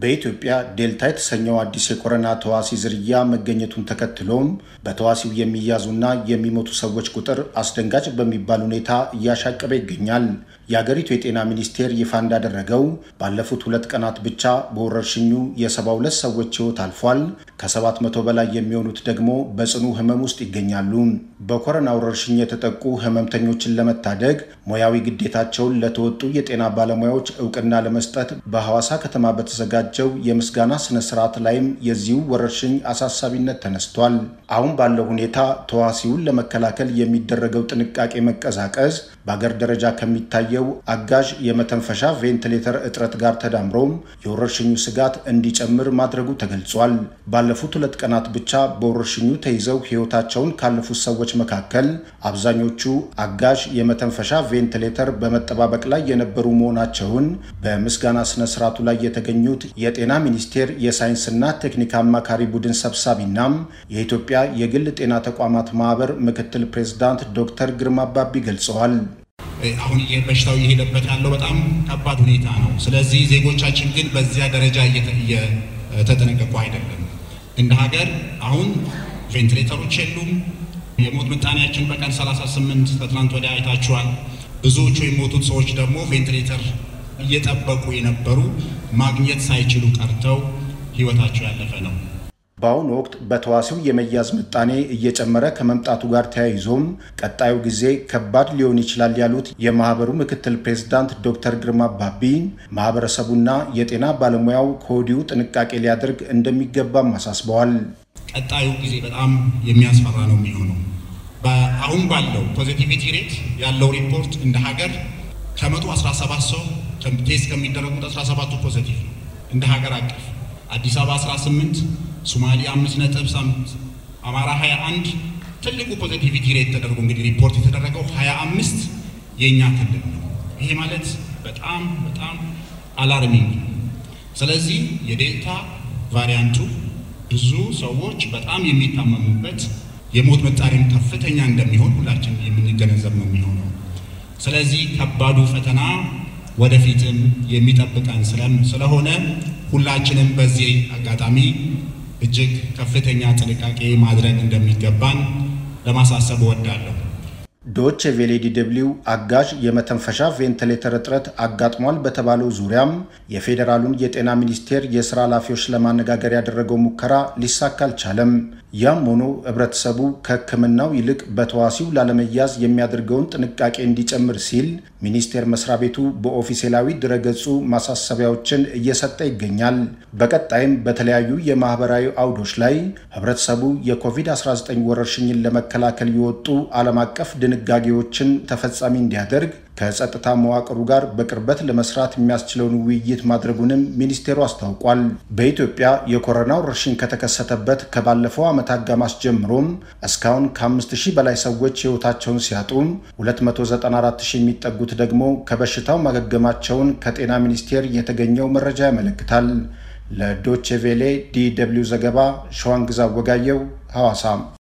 በኢትዮጵያ ዴልታ የተሰኘው አዲስ የኮሮና ተዋሲ ዝርያ መገኘቱን ተከትሎም በተዋሲው የሚያዙና የሚሞቱ ሰዎች ቁጥር አስደንጋጭ በሚባል ሁኔታ እያሻቀበ ይገኛል። የአገሪቱ የጤና ሚኒስቴር ይፋ እንዳደረገው ባለፉት ሁለት ቀናት ብቻ በወረርሽኙ የ72 ሰዎች ሕይወት አልፏል። ከ700 በላይ የሚሆኑት ደግሞ በጽኑ ህመም ውስጥ ይገኛሉ። በኮረና ወረርሽኝ የተጠቁ ህመምተኞችን ለመታደግ ሙያዊ ግዴታቸውን ለተወጡ የጤና ባለሙያዎች እውቅና ለመስጠት በሐዋሳ ከተማ በተዘጋጀው የምስጋና ስነ ስርዓት ላይም የዚሁ ወረርሽኝ አሳሳቢነት ተነስቷል። አሁን ባለው ሁኔታ ተዋሲውን ለመከላከል የሚደረገው ጥንቃቄ መቀዛቀዝ በአገር ደረጃ ከሚታየው ከታየው አጋዥ የመተንፈሻ ቬንትሌተር እጥረት ጋር ተዳምሮም የወረርሽኙ ስጋት እንዲጨምር ማድረጉ ተገልጿል። ባለፉት ሁለት ቀናት ብቻ በወረርሽኙ ተይዘው ሕይወታቸውን ካለፉት ሰዎች መካከል አብዛኞቹ አጋዥ የመተንፈሻ ቬንትሌተር በመጠባበቅ ላይ የነበሩ መሆናቸውን በምስጋና ስነ ስርዓቱ ላይ የተገኙት የጤና ሚኒስቴር የሳይንስና ቴክኒክ አማካሪ ቡድን ሰብሳቢናም የኢትዮጵያ የግል ጤና ተቋማት ማህበር ምክትል ፕሬዝዳንት ዶክተር ግርማ አባቢ ገልጸዋል። አሁን በሽታው እየሄደበት ያለው በጣም ከባድ ሁኔታ ነው። ስለዚህ ዜጎቻችን ግን በዚያ ደረጃ እየተጠነቀቁ አይደለም። እንደ ሀገር አሁን ቬንቲሌተሮች የሉም። የሞት ምጣኔያችን በቀን 38 ከትናንት ወዲያ አይታችኋል። ብዙዎቹ የሞቱት ሰዎች ደግሞ ቬንቲሌተር እየጠበቁ የነበሩ ማግኘት ሳይችሉ ቀርተው ህይወታቸው ያለፈ ነው። በአሁኑ ወቅት በተዋሲው የመያዝ ምጣኔ እየጨመረ ከመምጣቱ ጋር ተያይዞም ቀጣዩ ጊዜ ከባድ ሊሆን ይችላል ያሉት የማህበሩ ምክትል ፕሬዝዳንት ዶክተር ግርማ ባቢ ማህበረሰቡና የጤና ባለሙያው ከወዲሁ ጥንቃቄ ሊያደርግ እንደሚገባም አሳስበዋል። ቀጣዩ ጊዜ በጣም የሚያስፈራ ነው የሚሆነው። አሁን ባለው ፖዚቲቪቲ ሬት ያለው ሪፖርት እንደ ሀገር ከመቶ 17 ሰው ቴስት ከሚደረጉት 17ቱ ፖዚቲቭ ነው እንደ ሀገር አቀፍ አዲስ አበባ 18 ሶማሊያ አምስት ነጥብ አማራ ሀያ ትልቁ ፖዘቲቪቲ ሬት ተደርጎ እንግዲህ ሪፖርት የተደረገው ሀያ አምስት የእኛ ክልል ነው። ይሄ ማለት በጣም በጣም አላርሚንግ። ስለዚህ የዴልታ ቫሪያንቱ ብዙ ሰዎች በጣም የሚታመሙበት የሞት ምጣኔም ከፍተኛ እንደሚሆን ሁላችን የምንገነዘብ ነው የሚሆነው። ስለዚህ ከባዱ ፈተና ወደፊትም የሚጠብቀን ስለሆነ ሁላችንም በዚህ አጋጣሚ እጅግ ከፍተኛ ጥንቃቄ ማድረግ እንደሚገባን ለማሳሰብ እወዳለሁ። ዶች ቬሌ አጋዥ የመተንፈሻ ቬንትሌተር እጥረት አጋጥሟል በተባለው ዙሪያም የፌዴራሉን የጤና ሚኒስቴር የስራ ኃላፊዎች ለማነጋገር ያደረገው ሙከራ ሊሳካ አልቻለም። ያም ሆኖ ህብረተሰቡ ከህክምናው ይልቅ በተዋሲው ላለመያዝ የሚያደርገውን ጥንቃቄ እንዲጨምር ሲል ሚኒስቴር መስሪያ ቤቱ በኦፊሴላዊ ድረገጹ ማሳሰቢያዎችን እየሰጠ ይገኛል። በቀጣይም በተለያዩ የማህበራዊ አውዶች ላይ ህብረተሰቡ የኮቪድ-19 ወረርሽኝን ለመከላከል የወጡ ዓለም አቀፍ ድንጋጌዎችን ተፈጻሚ እንዲያደርግ ከጸጥታ መዋቅሩ ጋር በቅርበት ለመስራት የሚያስችለውን ውይይት ማድረጉንም ሚኒስቴሩ አስታውቋል። በኢትዮጵያ የኮሮና ወረርሽኝ ከተከሰተበት ከባለፈው ዓመት አጋማሽ ጀምሮም እስካሁን ከ5000 በላይ ሰዎች ሕይወታቸውን ሲያጡ 294 የሚጠጉት ደግሞ ከበሽታው ማገገማቸውን ከጤና ሚኒስቴር የተገኘው መረጃ ያመለክታል። ለዶቼ ቬሌ ዲ ደብልዩ ዘገባ ሸዋንግዛ ወጋየው ሐዋሳም